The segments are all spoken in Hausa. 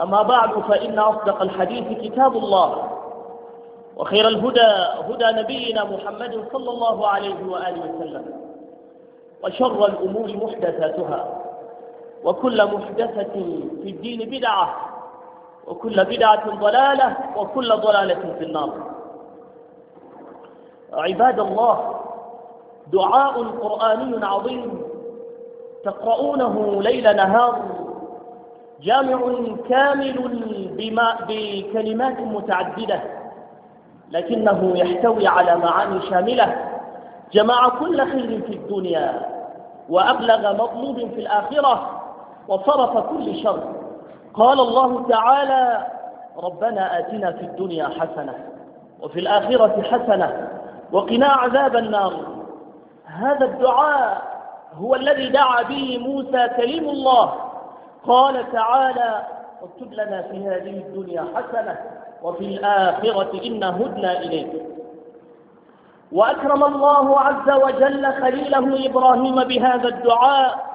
أما بعد فإن أصدق الحديث كتاب الله وخير الهدى هدى نبينا محمد صلى الله عليه وآله وسلم وشر الأمور محدثاتها وكل محدثة في الدين بدعة وكل بدعة ضلالة وكل ضلالة في النار عباد الله دعاء قرآني عظيم تقرؤونه ليل نهار جامع كامل بما بكلمات متعددة لكنه يحتوي على معاني شاملة جمع كل خير في الدنيا وأبلغ مطلوب في الآخرة وصرف كل شر قال الله تعالى ربنا آتنا في الدنيا حسنة وفي الآخرة حسنة وقنا عذاب النار هذا الدعاء هو الذي دعا به موسى كليم الله قال تعالى اكتب لنا في هذه الدنيا حسنة وفي الآخرة إنا هدنا إليك وأكرم الله عز وجل خليله إبراهيم بهذا الدعاء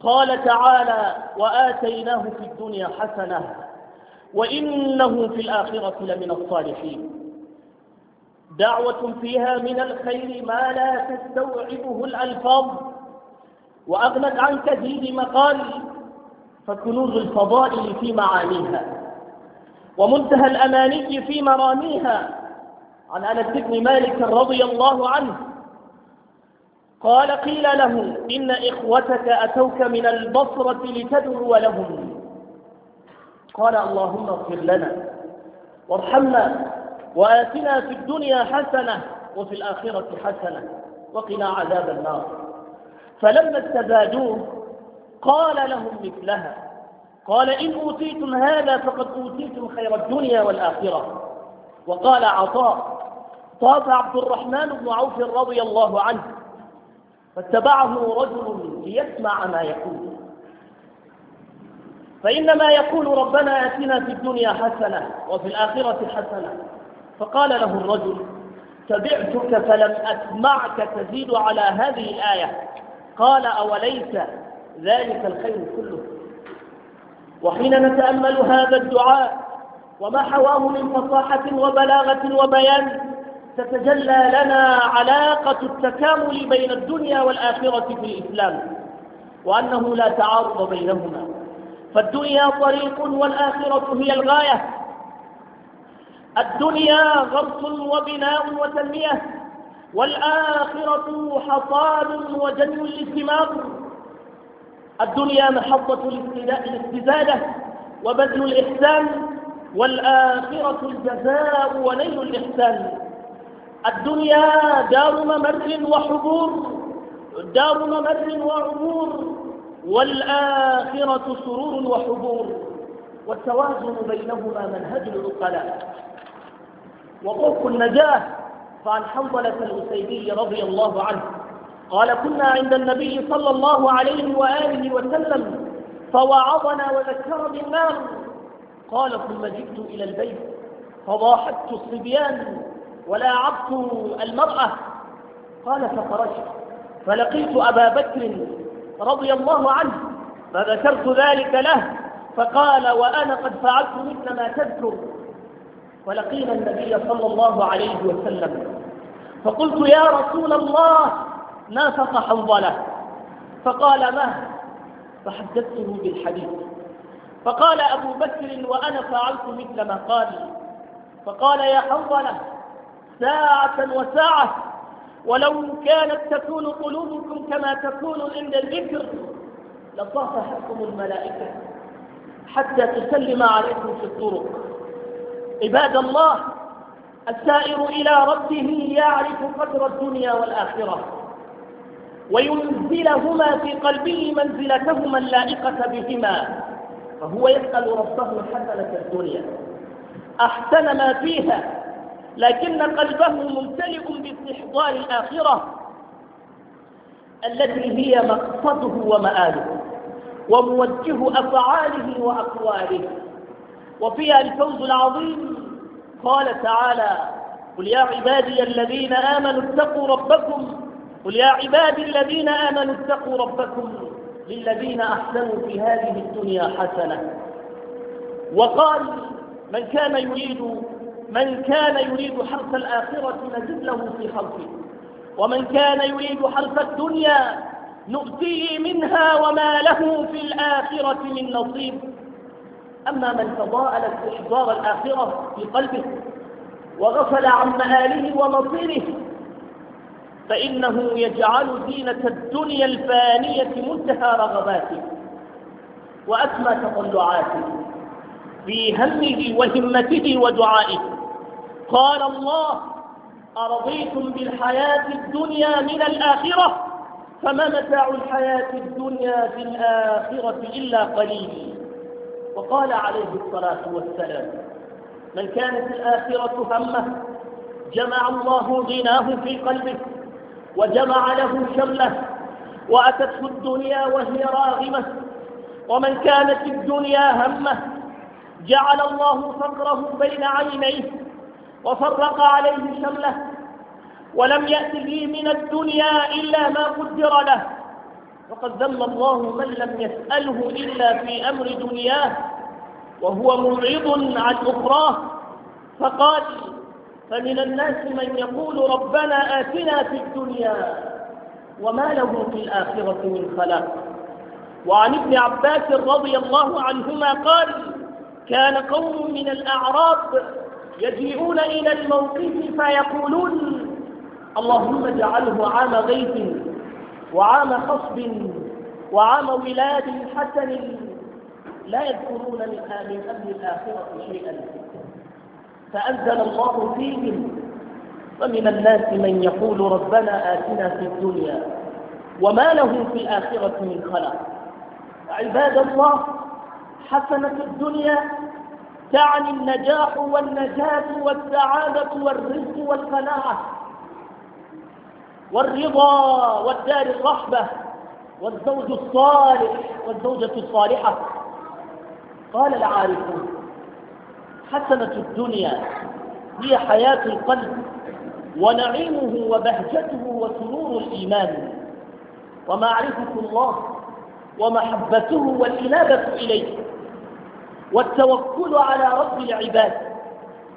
قال تعالى وآتيناه في الدنيا حسنة وإنه في الآخرة لمن الصالحين دعوة فيها من الخير ما لا تستوعبه الألفاظ وأغنت عن تجريب مقالي فكنوز الفضائل في معانيها ومنتهى الأماني في مراميها عن أنس بن مالك رضي الله عنه قال قيل له إن إخوتك أتوك من البصرة لتدعو لهم قال اللهم اغفر لنا وارحمنا وآتنا في الدنيا حسنة وفي الآخرة حسنة وقنا عذاب النار فلما استبادوه قال لهم مثلها قال إن أوتيتم هذا فقد أوتيتم خير الدنيا والآخرة وقال عطاء طاف عبد الرحمن بن عوف رضي الله عنه فاتبعه رجل ليسمع ما يقول فإنما يقول ربنا آتنا في الدنيا حسنة وفي الآخرة حسنة فقال له الرجل تبعتك فلم أسمعك تزيد على هذه الآية قال أوليس ذلك الخير كله وحين نتأمل هذا الدعاء وما حواه من فصاحة وبلاغة وبيان تتجلى لنا علاقة التكامل بين الدنيا والآخرة في الإسلام وأنه لا تعارض بينهما فالدنيا طريق والآخرة هي الغاية الدنيا غرس وبناء وتنمية والآخرة حصاد وجن الاستمار الدنيا محطة الاستزادة وبذل الإحسان والآخرة الجزاء ونيل الإحسان الدنيا دار ممر وحبور دار ممر وعبور والآخرة سرور وحبور والتوازن بينهما منهج العقلاء وطرق النجاة فعن حنظلة الأسيدي رضي الله عنه قال كنا عند النبي صلى الله عليه وآله وسلم فوعظنا وذكر بالنار قال ثم جئت إلى البيت فضاحكت الصبيان ولاعبت المرأة قال فخرجت فلقيت أبا بكر رضي الله عنه فذكرت ذلك له فقال وأنا قد فعلت مثل ما تذكر ولقينا النبي صلى الله عليه وسلم فقلت يا رسول الله نافق حنظلة فقال ما فحدثته بالحديث فقال أبو بكر وأنا فعلت مثل ما قال فقال يا حنظلة ساعة وساعة ولو كانت تكون قلوبكم كما تكون عند الذكر لصافحتكم الملائكة حتى تسلم عليكم في الطرق عباد الله السائر إلى ربه يعرف قدر الدنيا والآخرة وينزلهما في قلبه منزلتهما اللائقة بهما فهو يسأل ربه حسنة الدنيا أحسن ما فيها لكن قلبه ممتلئ باستحضار الآخرة التي هي مقصده ومآله وموجه أفعاله وأقواله وفيها الفوز العظيم قال تعالى قل يا عبادي الذين آمنوا اتقوا ربكم قل يا عبادي الذين آمنوا اتقوا ربكم للذين أحسنوا في هذه الدنيا حسنة وقال من كان يريد من كان يريد حرث الآخرة نزد له في خلقه ومن كان يريد حرث الدنيا نؤتيه منها وما له في الآخرة من نصيب أما من تضاءلت إحضار الآخرة في قلبه وغفل عن مآله ومصيره فإنه يجعل زينة الدنيا الفانية منتهى رغباته وأتمى تطلعاته في همه وهمته ودعائه قال الله أرضيتم بالحياة الدنيا من الآخرة فما متاع الحياة الدنيا في الآخرة إلا قليل وقال عليه الصلاة والسلام من كانت الآخرة همه جمع الله غناه في قلبه وجمع له شمله وأتته الدنيا وهي راغمة ومن كانت الدنيا همه جعل الله فقره بين عينيه وفرق عليه شمله ولم يأته من الدنيا إلا ما قدر له وقد ذم الله من لم يسأله إلا في أمر دنياه وهو معرض عن أخراه فقال فمن الناس من يقول ربنا آتنا في الدنيا وما له في الآخرة من خلاق وعن ابن عباس رضي الله عنهما قال كان قوم من الأعراب يجيئون إلى الموقف فيقولون اللهم اجعله عام غيث وعام خصب وعام ولاد حسن لا يذكرون من اهل الآخرة شيئا فأنزل الله فيهم ومن الناس من يقول ربنا آتنا في الدنيا وما له في الآخرة من خلق عباد الله حسنة الدنيا تعني النجاح والنجاة والسعادة والرزق والقناعة والرضا والدار الرحبة والزوج الصالح والزوجة الصالحة قال العارفون حسنة الدنيا هي حياة القلب ونعيمه وبهجته وسرور الإيمان ومعرفة الله ومحبته والإنابة إليه والتوكل على رب العباد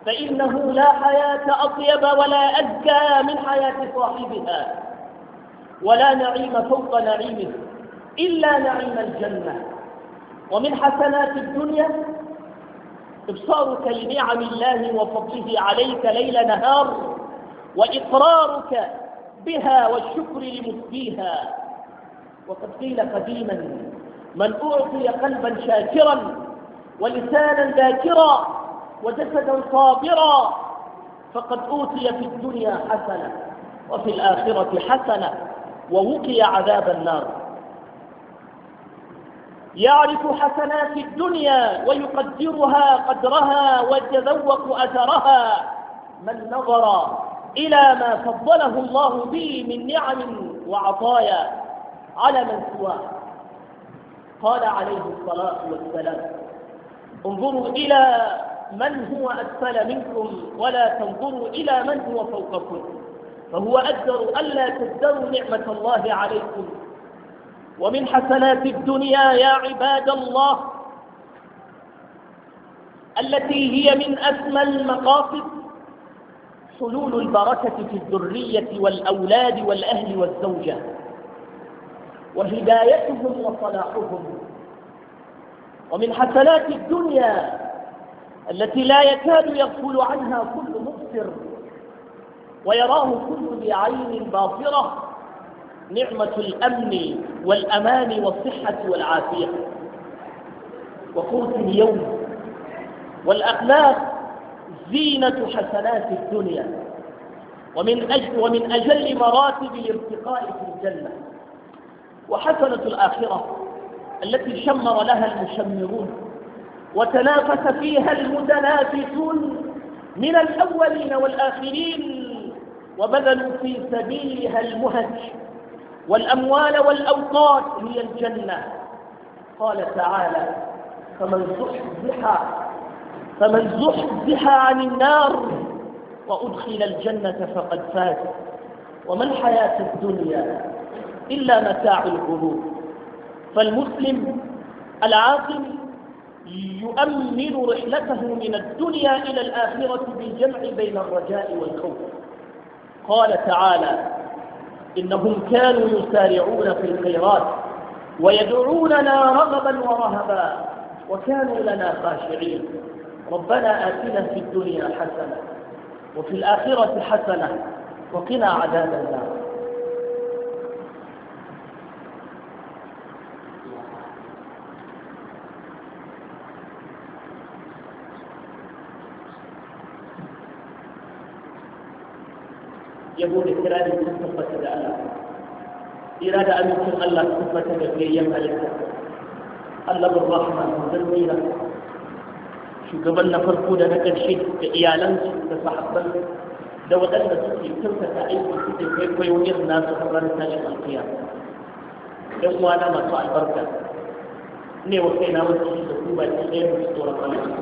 فإنه لا حياة أطيب ولا أزكى من حياة صاحبها ولا نعيم فوق نعيمه إلا نعيم الجنة ومن حسنات الدنيا إبصارك لنعم الله وفضله عليك ليل نهار وإقرارك بها والشكر لمسديها وقد قيل قديما من أعطي قلبا شاكرا ولسانا ذاكرا وجسدا صابرا فقد أوتي في الدنيا حسنة وفي الآخرة حسنة ووقي عذاب النار يعرف حسنات الدنيا ويقدرها قدرها ويتذوق أثرها من نظر إلى ما فضله الله به من نعم وعطايا على من سواه قال عليه الصلاة والسلام انظروا إلى من هو أسفل منكم ولا تنظروا إلى من هو فوقكم فهو أجدر ألا تجدروا نعمة الله عليكم ومن حسنات الدنيا يا عباد الله التي هي من أسمى المقاصد حلول البركة في الذرية والأولاد والأهل والزوجة وهدايتهم وصلاحهم ومن حسنات الدنيا التي لا يكاد يغفل عنها كل مبصر ويراه كل ذي عين باصرة نعمة الأمن والأمان والصحة والعافية وقوت اليوم والأخلاق زينة حسنات الدنيا ومن أجل, ومن أجل مراتب الارتقاء في الجنة وحسنة الآخرة التي شمر لها المشمرون وتنافس فيها المتنافسون من الأولين والآخرين وبذلوا في سبيلها المهج والأموال والأوقات هي الجنة قال تعالى فمن زحزح فمن زحزح عن النار وأدخل الجنة فقد فاز وما الحياة الدنيا إلا متاع الغرور فالمسلم العاقل يؤمن رحلته من الدنيا إلى الآخرة بالجمع بين الرجاء والخوف قال تعالى إنهم كانوا يسارعون في الخيرات ويدعوننا رغبا ورهبا وكانوا لنا خاشعين ربنا آتنا في الدنيا حسنة وفي الآخرة حسنة وقنا عذاب النار Ya bude kira da sun tabbata da Allah kira da amincin Allah sun tabbata da gayyan halitta Allah bin rahman zan nira shugaban na farko da na ƙarshe da iyalansu da sahabban da waɗanda suke kyautata aiki suke kwaikwayo irin nasu har ranar tashin alkiya ɗan uwana masu albarka ne wa kaina wasu da su ba ki ɗaya musu tsoron Allah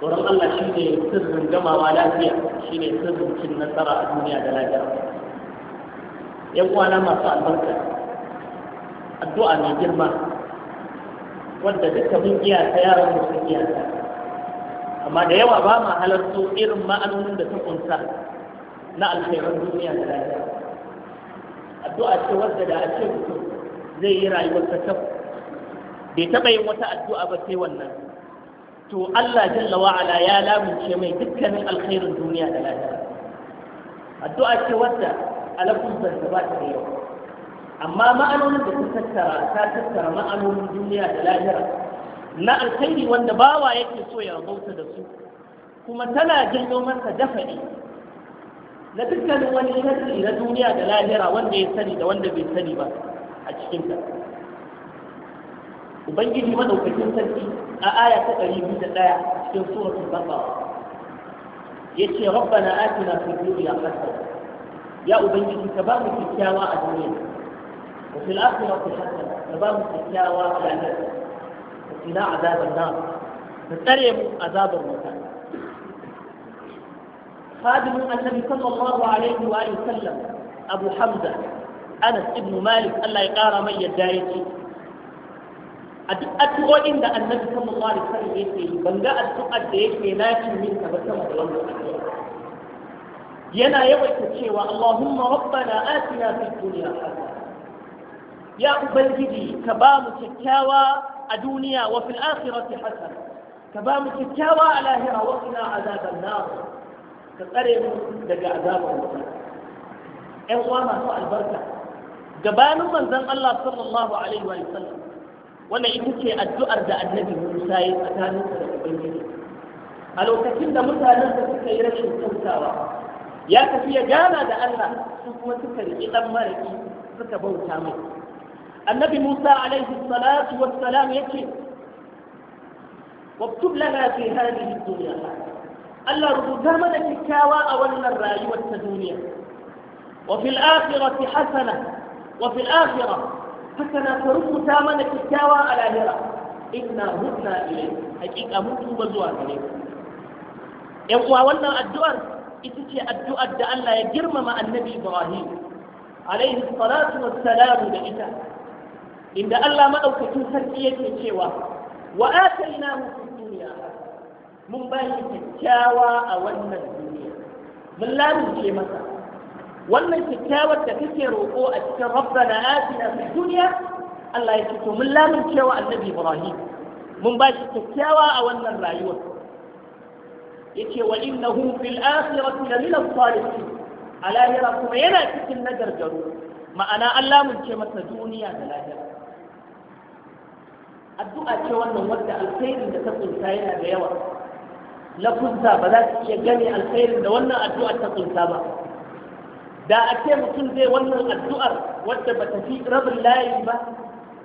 tsoron Allah shi ne sirrin gamawa lafiya shi ne sirrin cin nasara a duniya da lafiya yan uwana masu albarka addu'a mai girma wadda duka mun iya ta yaran da su iya ta amma da yawa ba ma halarto irin ma'anonin da ta kunsa na alfairar duniya da lafiya addu'a ce wadda da a ce mutum zai yi rayuwar ta bai taɓa yin wata addu'a ba sai wannan to Allah jalla wa'ala ya lamunce mai dukkanin alkhairin duniya da lafiya addu'a ce wadda alakun zanta ba ta da yawa amma ma'anonin da ta tattara ta tattara ma'anonin duniya da lahira na alkhairi wanda bawa yake so ya rabauta da su kuma tana janyo masa dafa'i na dukkanin wani sharri na duniya da lahira wanda ya sani da wanda bai sani ba a cikinta ubangiji madaukakin sarki a aya ta ɗari biyu da ɗaya cikin suratul baqara yace rabbana atina fi dunya hasana ya ubangiji ka ba mu kyakkyawa a duniya wa fil akhirati hasana ka ba mu kyakkyawa a lahira wa qina azaban nar ka tsare mu azabar wuta خادم النبي صلى الله عليه وآله وسلم أبو حمزة أنس بن مالك الله يقارى من يداري a duk addu'o'in da annabi sallallahu alaihi wasallam yake yi ban ga addu'ar da yake lakin min ta ba sama da wannan addu'a yana yawaita cewa Allahumma rabbana atina fid dunya hasana ya ubangiji ka ba mu kyakkyawa a duniya wa fil akhirati hasana ka ba mu kyakkyawa a lahira wa qina azaban nar ka tsare mu daga azabar wuta ƴan uwa masu albarka gabanin manzon Allah sallallahu alaihi wa sallam wanda ita ce addu'ar da annabi Musa ya tsakanin da Ubangiji a lokacin da mutanen da suka yi rashin kyautawa ya tafi ya gana da Allah su kuma suka riƙi ɗan maraƙi suka bauta mai annabi Musa alaihi salatu wa salam ya ce, waktub lana fi hadhihi dunya Allah rubuta mana kyakkyawa a wannan rayuwar ta duniya wa fil akhirati hasana wa fil akhirati haka na ka rubuta mana kyakkyawa a lahira inna hudna ilai hakika mun tuba zuwa gare ku yan uwa wannan addu'ar ita ce addu'ar da Allah ya girmama annabi Ibrahim alaihi salatu wassalamu da ita inda Allah madaukakin sarki yake cewa wa atainahu fid dunya mun ba kyakkyawa a wannan duniya mun lamunce masa wannan kyakkyawar da kake roƙo a cikin rabbana atina fid dunya Allah ya ce to mun lamun cewa annabi Ibrahim mun ba shi kyakkyawa a wannan rayuwar yace wa innahu fil akhirati lamina salihin a lahira kuma yana cikin nagargaru ma'ana Allah mun ce masa duniya da lahira addu'a ce wannan wanda alkhairin da ta kunta yana da yawa na kunta ba za su iya gane alkhairin da wannan addu'a ta kunta ba da a ce mutum zai wannan addu'ar wadda ba ta fi rabin layi ba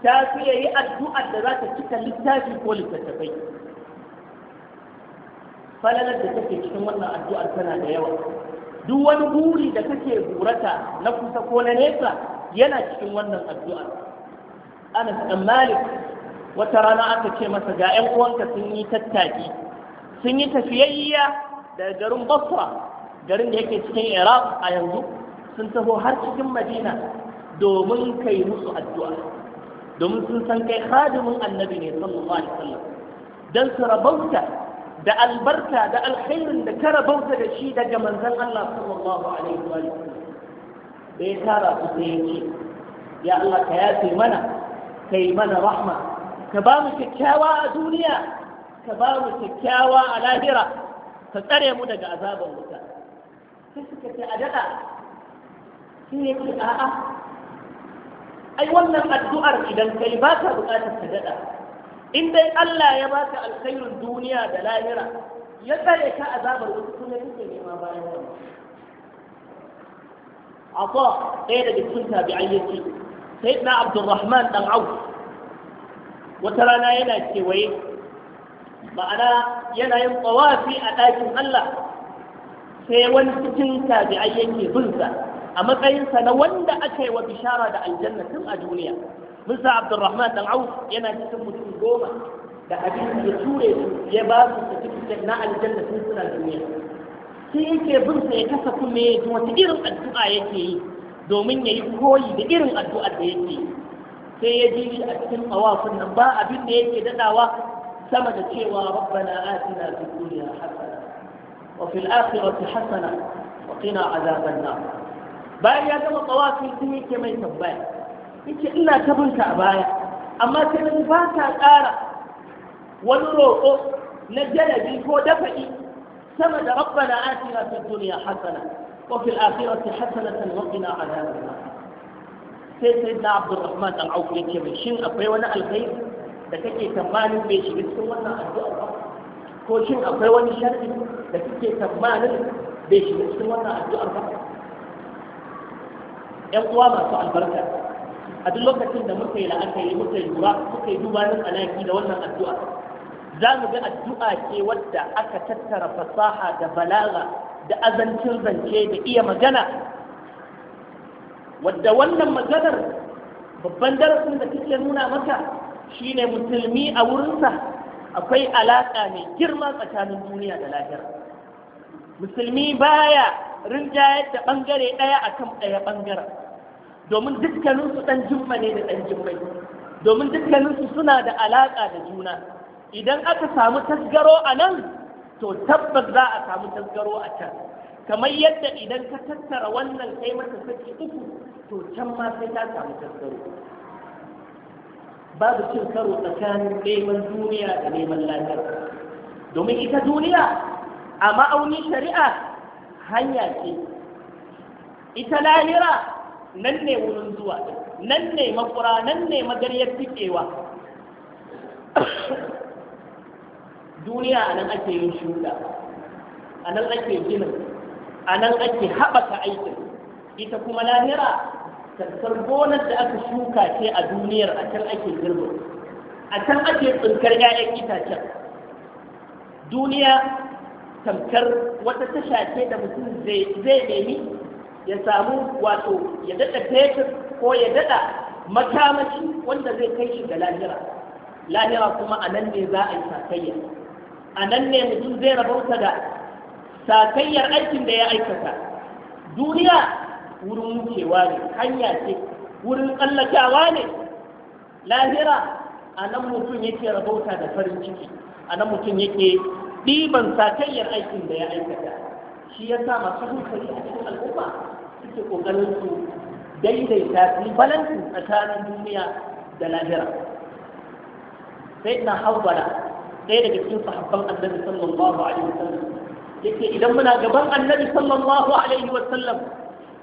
ta fi yayi addu'ar da za ta cika littafi ko littattafai falalar da take cikin wannan addu'ar tana da yawa duk wani buri da kake burata na kusa ko na nesa yana cikin wannan addu'ar anas dan malik wata rana aka ce masa ga 'yan uwanka sun yi tattaki sun yi tafiyayya daga garin basra garin da yake cikin iraq a yanzu sun taho har cikin madina domin kai musu addu'a domin sun san kai hadimin annabi ne sallallahu alaihi wasallam dan su rabauta da albarka da alkhairin da ka rabauta da shi daga manzon Allah sallallahu alaihi wasallam da ya tara su sai ya ce ya Allah ka yafe mana kai mana rahma ka ba mu kyakkyawa a duniya ka ba mu kyakkyawa a lahira ka tsare mu daga azaban wuta sai suka ce a daɗa sai yi ce a'a ai wannan addu'ar idan kai ba ka bukatar ka daɗa in dai Allah ya ba baka alkhairin duniya da lahira ya tsare ka azabar wasu kuma kake nema bayan wannan عطاء غير جسمتها بعيتي سيدنا عبد الرحمن بن Wata rana yana كوي ma'ana yana yin tsawafi a ɗakin Allah sai wani cikin tabi'ai yake bin sa a matsayinsa na wanda aka yi wa bishara da aljanna tun a duniya musa abdurrahman dan auf yana cikin mutum goma da hadisi ya ture su ya ba su certificate na aljanna tun suna duniya sai yake bin sa ya kasa kuma ya ji wata irin addu'a yake yi domin ya yi koyi da irin addu'a da yake yi sai ya ji a cikin awafin nan ba abin da yake dadawa sama da cewa rabbana atina fid dunya hasana wa fil akhirati hasana wa qina azaban bayan ya gama tsawafin sun yake mai tambaya yake ina ta tabinka a baya amma sai na ba ta ƙara wani roƙo na jalabi ko dafa'i sama da rabbana atina fid dunya hasana wa fil akhirati hasanatan wa qina adhaban nar sai sai da Abdurrahman dan auf yake mai shin akwai wani alkhairi da kake tamanin bai shiga cikin wannan addu'a ba ko shin akwai wani sharri da kake tamanin bai shiga cikin wannan addu'ar ba ‘yan uwa masu albarka a duk lokacin da muka yi la'akari muka yi lura muka yi duba nan alaki da wannan addu'a za mu ga addu'a ce wadda aka tattara fasaha da balaga da azancin zance da iya magana wadda wannan maganar babban darasin da take nuna maka shine musulmi a wurinsa akwai alaƙa mai girma tsakanin duniya da lahira musulmi baya rinjayar da ɓangare ɗaya a kan ɗaya ɓangaren domin dukkaninsu ɗan jimma ne da ɗan jimmai domin dukkaninsu suna da alaƙa da juna idan aka samu tasgaro a nan to tabbas za a samu tasgaro a can kamar yadda idan ka tattara wannan kai masa saki uku to can ma sai ta samu tasgaro babu cin karo tsakanin neman duniya da neman lafiya domin ita duniya a ma'auni shari'a hanya ce ita lahira nan ne wurin zuwa nan ne makura nan ne magaryar fikewa duniya a nan ake yin shuda a nan ake ginin a nan ake haɓaka aikin ita kuma lahira tattar gonar da aka shuka ce a duniyar a can ake girbin a can ake tsinkar 'ya'yan itacen duniya tamkar wata tasha ce da mutum zai nemi ya samu wato ya daɗa fetur ko ya daɗa makamashi wanda zai kai shi ga lahira lahira kuma a nan ne za a yi sakayya a nan ne mutum zai rabauta da sakayyar aikin da ya aikata duniya wurin wucewa ne hanya ce wurin tsallakawa ne lahira a nan mutum yake rabauta da farin ciki a nan mutum yake ɗiban sakayyar aikin da ya aikata shi ya sa masu hankali a cikin al'umma suke ƙoƙarin su daidaita su balantin tsakanin duniya da lahira sai na hawwala ɗaya daga cikin sahabban annabi sallallahu alaihi wasallam yake idan muna gaban annabi sallallahu alaihi wasallam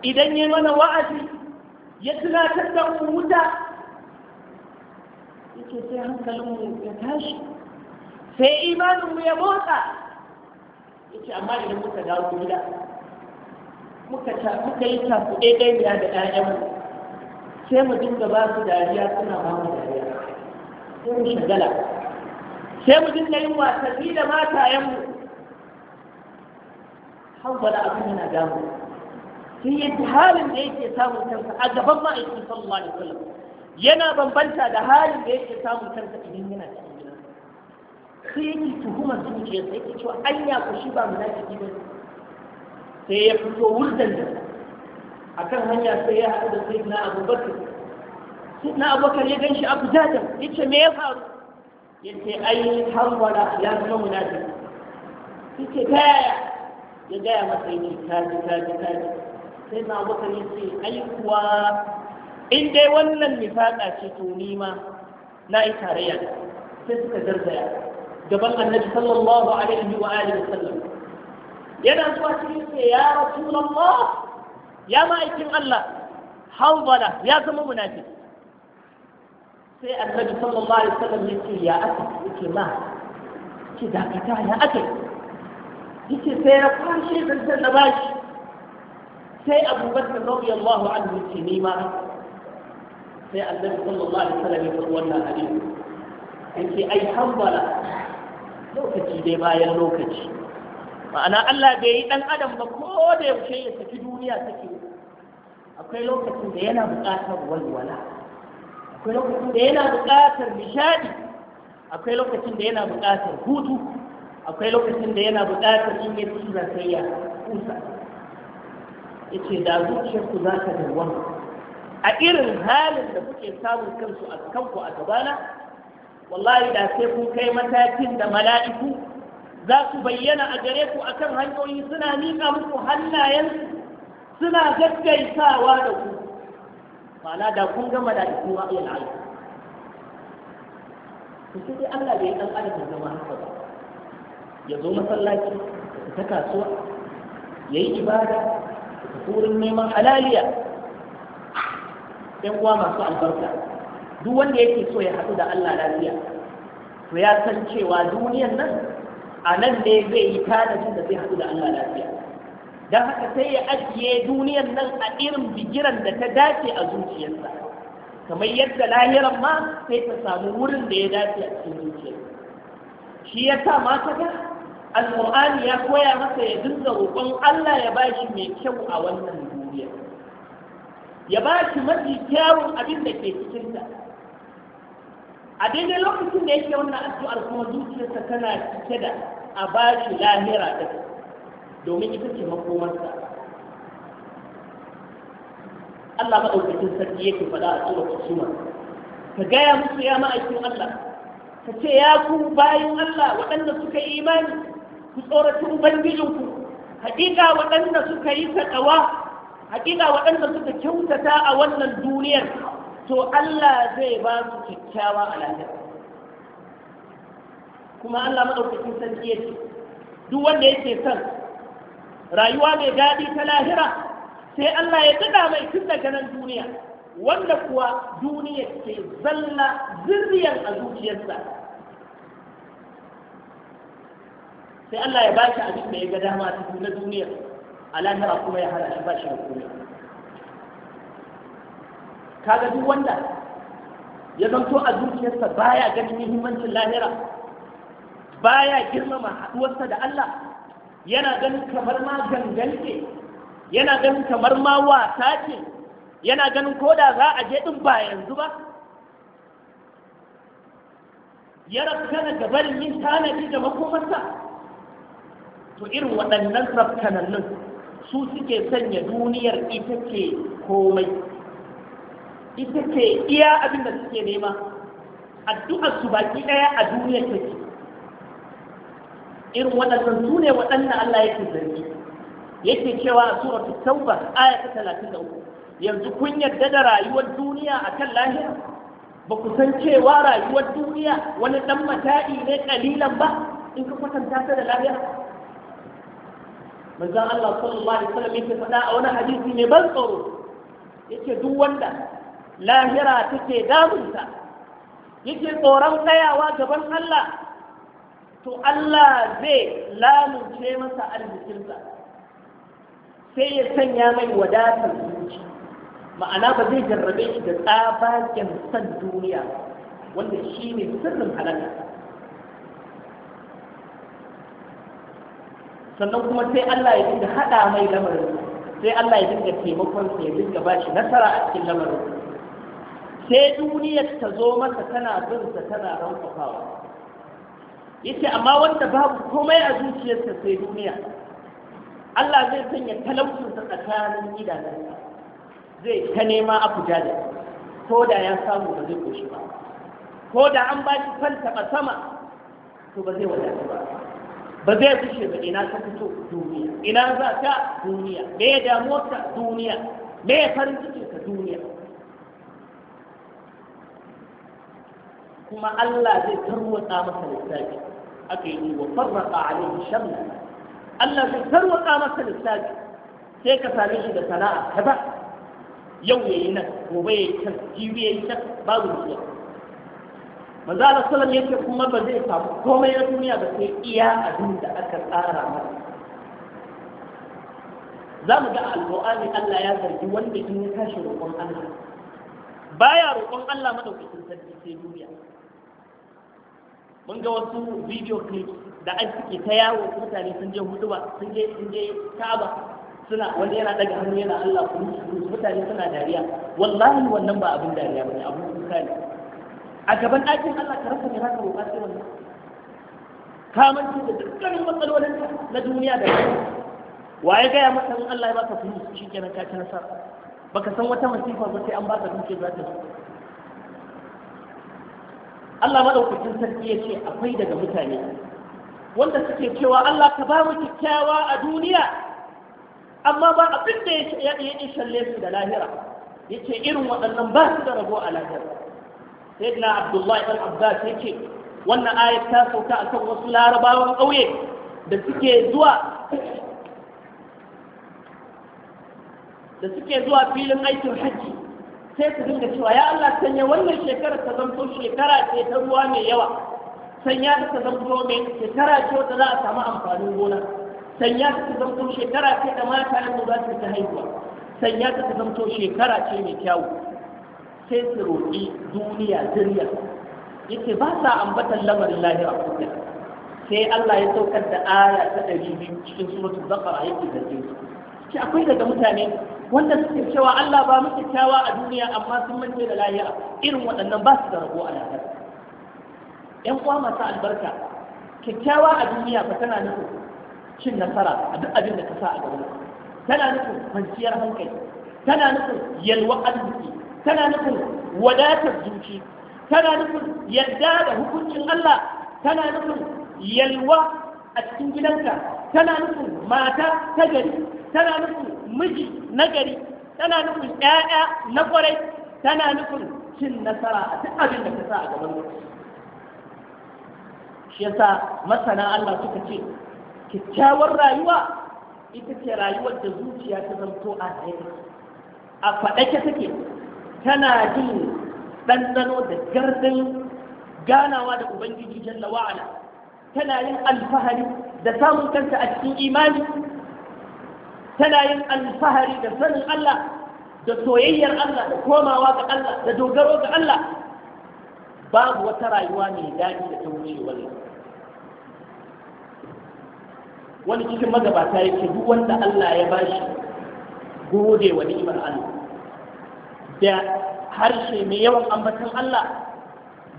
idan ya mana wa'azi ya tunatar da mu wuta yake sai hankalin mu ya tashi sai imaninmu ya motsa ce amma idan muka dawo gida muka muka yi tafi ɗaiɗaiya da ɗayanmu sai mu dinga ba su dariya suna ba mu dariya sai mu shagala sai mu dinga yin wasanni da matayenmu hanbala abin yana damu sun yadda halin da yake samun kansa a gaban ma'aikin sallallahu alaihi wasallam yana bambanta da halin da yake samun kansa idan yana cikin sai yake tuhumar zuciyar sai yake ce anya ku shi ba munafiki ba sai ya fito wurdan da akan hanya sai ya haɗu da sai na abubakar na abubakar ya ganshi abu jajan ya ce me ya faru ya ce ai har wala ya zama munafiki ya ce ta yaya ya gaya masa ta kaji kaji kaji sai na abubakar ya ce ai kuwa in dai wannan nifaƙa ce to ni ma na yi tarayya sai suka zarzaya gaban annabi sallallahu alaihi wa alihi wasallam yana zuwa cikin sai ya rasulullah ya ma'aikin Allah hawbala ya zama munafiki sai annabi sallallahu alaihi wasallam ya ya aka yake ma ki dakata ya aka yake sai ya kwashe zanzan na bashi sai abubakar radiyallahu anhu ce ni ma sai annabi sallallahu alaihi wasallam ya faɗi wannan hadisi yake ai hawbala lokaci dai bayan lokaci ma'ana Allah bai yi ɗan adam ba ko da yaushe ya saki duniya take akwai lokacin da yana buƙatar walwala akwai lokacin da yana buƙatar nishadi akwai lokacin da yana buƙatar hutu akwai lokacin da yana buƙatar in ya tura sai ya kusa ya ce da ku za ta dawwama a irin halin da kuke samun kansu a kanku a gabana wallahi da sai kun kai matakin da mala'iku za su bayyana a gare ku akan hanyoyi suna miƙa muku hannayen suna gaggaisawa da ku ma'ana da kun ga mala'iku a yin aiki ku sai dai Allah bai dan adam da zama haka ba ya zo masallaci ta kasuwa Ya yi ibada ta wurin neman halaliya ɗan uwa masu albarka duk wanda yake so ya haɗu da Allah lafiya to ya san cewa duniyar nan a nan ne zai yi tanadin da zai haɗu da Allah lafiya don haka sai ya ajiye duniyar nan a irin bigiran da ta dace a zuciyarsa kamar yadda lahiran ma sai ta samu wurin da ya dace a cikin zuciyarsa shi ya sa ma ka ga alƙur'ani ya koya masa ya dinga roƙon Allah ya ba shi mai kyau a wannan duniya ya ba shi mafi kyawun abin da ke cikinta a daidai lokacin da yake wannan addu'ar kuma zuciyarsa tana cike da a ba shi lahira da domin ita ce makomarsa Allah maɗaukakin sarki yake faɗa a tsoron kusurwa ka gaya musu ya ma'aikin Allah ka ce ya ku bayan Allah waɗanda suka yi imani ku tsorata ubangijinku hakika waɗanda suka yi taɗawa hakika waɗanda suka kyautata a wannan duniyar to Allah zai ba su kyakkyawa a kuma Allah maɗaukakin sarki ya ce duk wanda yake son rayuwa mai daɗi ta lahira sai Allah ya daɗa mai tun daga nan duniya wanda kuwa duniya ke zalla zirriyar a zuciyarsa sai Allah ya ba shi abin da ya ga dama na duniya a lahira kuma ya hana shi ba shi da komai kaga duk wanda ya zanto a zuciyarsa baya ganin muhimmancin lahira baya girmama haɗuwarsa da Allah yana ganin kamar ma gangalce yana ganin kamar ma wasa ce yana ganin koda za a je ɗin ba yanzu ba ya rafkana ga barin yin tanadi da makomarsa to irin waɗannan rafkanannin su suke sanya duniyar ita ce komai ita ce iya abin da suke nema addu'ar su baki ɗaya a duniyar ta ke. irin waɗannan su ne waɗannan Allah yake zargi yake cewa a suratul tauba aya ta da uku, yanzu kun yarda da rayuwar duniya akan lahira ba ku san cewa rayuwar duniya wani ɗan mata'i ne ƙalilan ba in ka kwatanta ta da lahira manzon Allah sallallahu alaihi wasallam yake faɗa a wani hadisi ne ban tsoro yake duk wanda lahira take damunta yake tsoron tsayawa gaban Allah to Allah zai lamunce masa arzikinsa sai ya sanya mai wadatar zuci ma'ana ba zai jarrabe shi da tsabagen san duniya wanda shi ne sirrin halaka sannan kuma sai Allah ya dinga haɗa mai lamarin sai Allah ya dinga taimakon sa ya dinga ba shi nasara a cikin lamarin sai duniyar ta zo masa tana bin sa tana rankwafawa yace amma wanda babu komai a zuciyarsa sai duniya Allah zai sanya talaucin sa tsakanin idanunsa zai ta nema a fita da ko da ya samu ba zai koshi ba ko da an ba shi fanta sama to ba zai wadata ba ba zai fushe ba ina ka fito duniya ina za ta duniya me ya ta duniya me ya farin ta duniya kuma Allah zai tarwatsa masa lissafi aka yi wa farraka alaihi shamla Allah zai tarwatsa masa lissafi sai ka same shi da sana'a kaza yau yayi nan gobe yayi can jibi yayi can babu nutsuwa manzo Allah sallam yake kuma ba zai samu komai na duniya ba sai iya abin da aka tsara masa za mu ga alƙur'ani Allah ya zargi wanda in ya tashi roƙon Allah baya roƙon Allah madaukakin sarki sai duniya mun ga wasu video clip da an suke ta yawo mutane sun je huduba sun je sun je kaba suna wani yana daga hannu yana Allah ku mutane suna dariya wallahi wannan ba abin dariya bane abu kuka ne a gaban ɗakin Allah ka rasa me za ka roƙa sai wannan ka manta da dukkanin matsalolin na duniya da rayuwa wa ya gaya maka in Allah ya baka kuma shi kenan ka ci nasara baka san wata masifa ba sai an baka ka za ta zo Allah madaukakin sarki ya ce akwai daga mutane wanda suke cewa Allah ka ba mu kyakkyawa a duniya amma ba abin da ya yi shalle su da lahira yace irin waɗannan ba su da rabo a lahira sayyidina Abdullahi ibn Abbas yake wannan ayat ta sauka akan wasu larabawan ƙauye da suke zuwa da suke zuwa filin aikin hajji sai su dinga cewa ya Allah sanya wannan shekara ta zanto shekara ce ta ruwa mai yawa sanya ta ta zanto mai shekara ce wadda za a samu amfanin gona sanya ta ta zanto shekara ce da mata ya za su ta haihuwa sanya ta ta zanto shekara ce mai kyau. sai su roƙi duniya duniya yake ba sa ambatan lamarin lahira kuma sai Allah ya saukar da aya ta ɗari biyu cikin suratul zakara yake zargin su akwai daga mutane wanda suke cewa Allah ba mu kyakkyawa a duniya amma sun mance da lahira irin waɗannan ba su da rabo a lahira ƴan uwa masu albarka kyakkyawa a duniya ba tana nufin cin nasara a duk abin da ka sa a gaba tana nufin kwanciyar hankali tana nufin yalwa arziki tana nufin wadatar zuci tana nufin yadda da hukuncin Allah tana nufin yalwa a cikin gidanka tana nufin mata ta gari tana nufin miji nagari tana nufin ƴaƴa na kwarai tana nufin cin nasara a duk abin da ka sa a gaban lokaci shi yasa masana Allah suka ce kyakkyawar rayuwa ita ce rayuwar da zuciya ta zanto a tsaye a faɗake take tana jin ɗanɗano da gardin ganawa da ubangiji jalla wa'ala tana yin alfahari da samun kanta a cikin imani tana yin alfahari da sanin Allah da soyayyar Allah da komawa ga Allah da dogaro ga Allah babu wata rayuwa mai daɗi da ta wuce wani wani cikin magabata yake duk wanda Allah ya bashi gode wa ni'imar Allah da harshe mai yawan ambatan Allah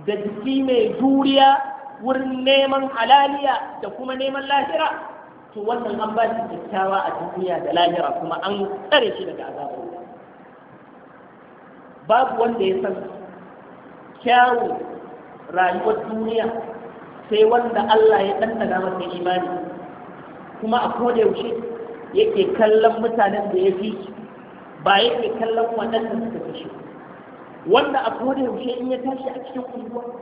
da jiki mai juriya wurin neman halaliya da kuma neman lahira to wannan an ba shi kyakkyawa a duniya da lahira kuma an tsare shi daga azabu babu wanda ya san kyawun rayuwar duniya sai wanda Allah ya daga masa imani kuma a yaushe yake kallon mutanen da ya fi ba yake kallon da suka fi shi wanda a yaushe in ya tashi a cikin unguwa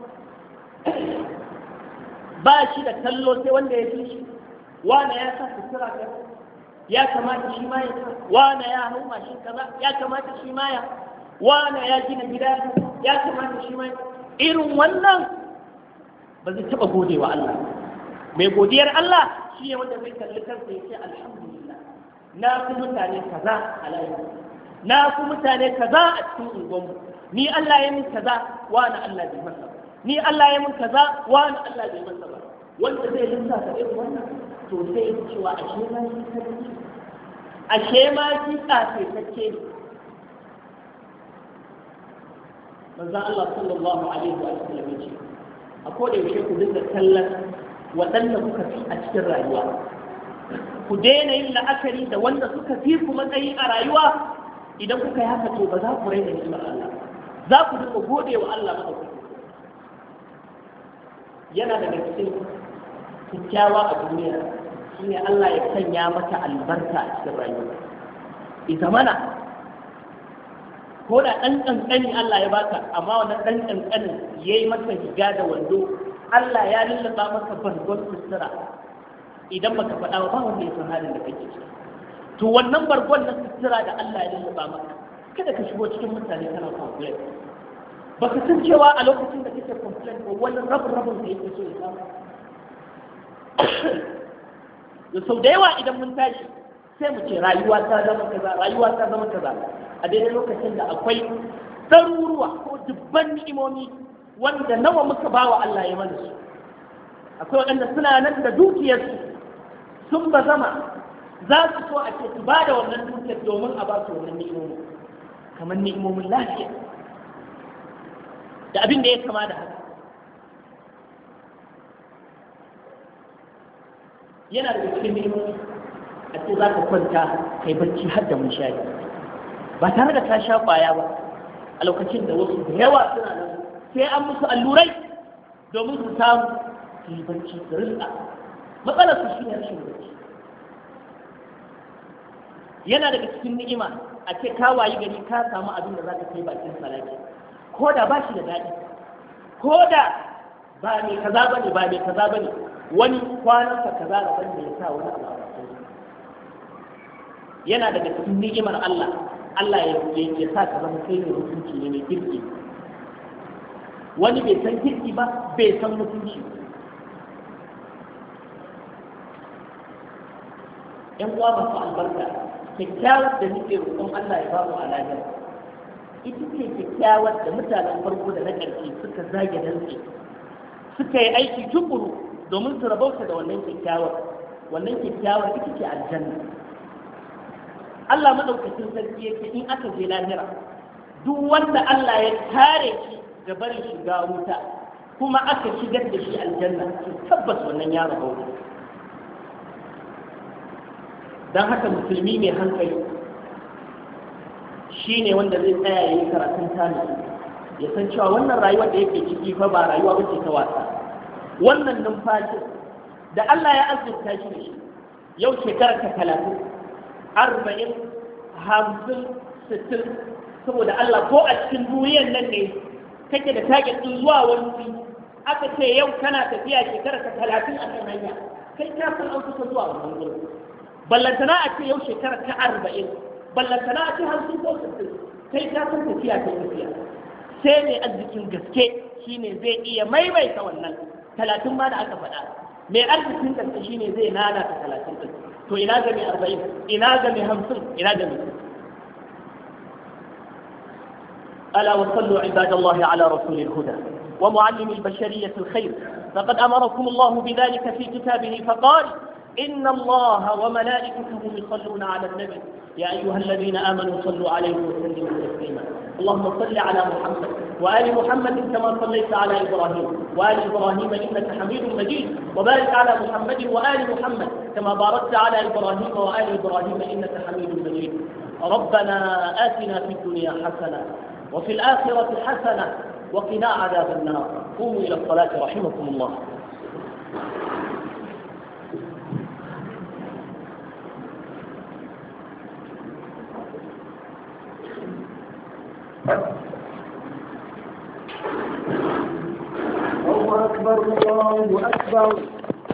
ba shi da kallo sai wanda ya fi shi wane ya sa sutura kaza ya kamata shi ma ya wane ya hau mashin kaza ya kamata shi ma ya wane ya gina gida ya kamata shi ma irin wannan ba zai taɓa gode wa Allah mai godiyar Allah shi ne wanda zai kalli kansa ya ce alhamdulillah na fi mutane kaza a layin na fi mutane kaza a cikin unguwanmu ni Allah ya min kaza wani Allah bai masa ni Allah ya min kaza wani Allah bai masa ba wanda zai lissafa irin wannan to sai ya cewa a shi ma shi sarki a shi ma shi tsafetacce ne manzan Allah sallallahu alaihi wa sallam ya ce a koda yaushe ku dinga kallon waɗanda kuka fi a cikin rayuwa ku daina yin la'akari da wanda suka fi ku matsayi a rayuwa idan kuka yi haka to ba za ku raina ba Allah za ku dinga gode wa Allah ma'aikata yana daga cikin kyakkyawa a duniya shine Allah ya sanya mata albarka a cikin rayuwa ita mana ko da ɗan ƙanƙani Allah ya baka amma wannan ɗan ƙanƙanin ya yi maka riga da wando Allah ya lullaba maka bargon sutura idan baka faɗa ba wanda ya san halin da kake ciki to wannan bargon na sutura da Allah ya lullaba maka kada ka shigo cikin mutane kana complain baka san cewa a lokacin da kake complain ko wannan rabin rabin da yake so ya samu da sau da yawa idan mun tashi sai mu ce rayuwa ta zama kaza rayuwa ta zama kaza a daidai lokacin da akwai ɗaruruwa ko dubban ni'imomi wanda nawa muka ba wa Allah ya mana su akwai waɗanda suna nan da dukiyarsu sun ba zama za su so a ce su ba da wannan dukiyar domin a ba su wannan ni'imomi kamar ni'imomin lafiya da abin da ya kama da haka yana da cikin neman a ce za ka kwanta kai barci har da munshari ba tare da ka sha kwaya ba a lokacin da wasu da yawa suna nan sai an musu allurai domin su samu su yi barci su rinka matsalar su shi ne rashin barci yana daga cikin ni'ima a ce ka wayi gari ka samu abin da za ka kai bakin salati ko da ba shi da daɗi ko da ba mai kaza bane ba mai kaza bane wani kwanansa kaza da wanda ya sa wani abu a yana daga cikin ni'imar Allah Allah ya ya sa ka zama kai ne mutunci ne mai kirki wani bai san kirki ba bai san mutunci yan uwa masu albarka kyakkyawar da nake roƙon Allah ya bamu a lafiya ita ce kyakkyawar da mutanen farko da na ƙarshe suka zage dantse suka yi aiki tukuru domin su rabauta da wannan kyakkyawar wannan kyakkyawar ita ce aljanna Allah madaukakin sarki yake in aka je lahira duk wanda Allah ya tare shi ga barin shiga wuta kuma aka shigar da shi aljanna to tabbas wannan ya rabauta dan haka musulmi mai hankali shine wanda zai tsaya ya yi karatun tani ya san cewa wannan rayuwar da yake ciki fa ba rayuwa bace ta wasa wannan numfashi da Allah ya azurta shi yau shekarar ta talatin arba'in hamsin sittin saboda Allah ko a cikin duniyar nan ne kake da target din zuwa wani aka ce yau kana tafiya shekarar ta talatin a kan hanya kai ka san an kusa zuwa wani gurin ballantana a ce yau shekarar ta arba'in ballantana a ce hamsin ko sittin kai ka san tafiya ta tafiya sai mai arzikin gaske shine zai iya maimaita wannan talatin ma da aka faɗa mai arzikin ƙarfi shi ne zai nana ta talatin ɗin to ina ga mai arba'in ina ga mai hamsin ina ga mai ألا وصلوا عباد الله على رسول الهدى ومعلم البشرية الخير فقد أمركم الله بذلك في كتابه فقال إن الله وملائكته يصلون على النبي يا أيها الذين آمنوا صلوا عليه وسلموا تسليما اللهم صل على محمد وآل محمد كما صليت على إبراهيم وآل إبراهيم إنك حميد مجيد وبارك على محمد وآل محمد كما باركت على إبراهيم وآل إبراهيم إنك حميد مجيد ربنا آتنا في الدنيا حسنة وفي الآخرة حسنة وقنا عذاب النار قوموا إلى الصلاة رحمكم الله الله أكبر الله أكبر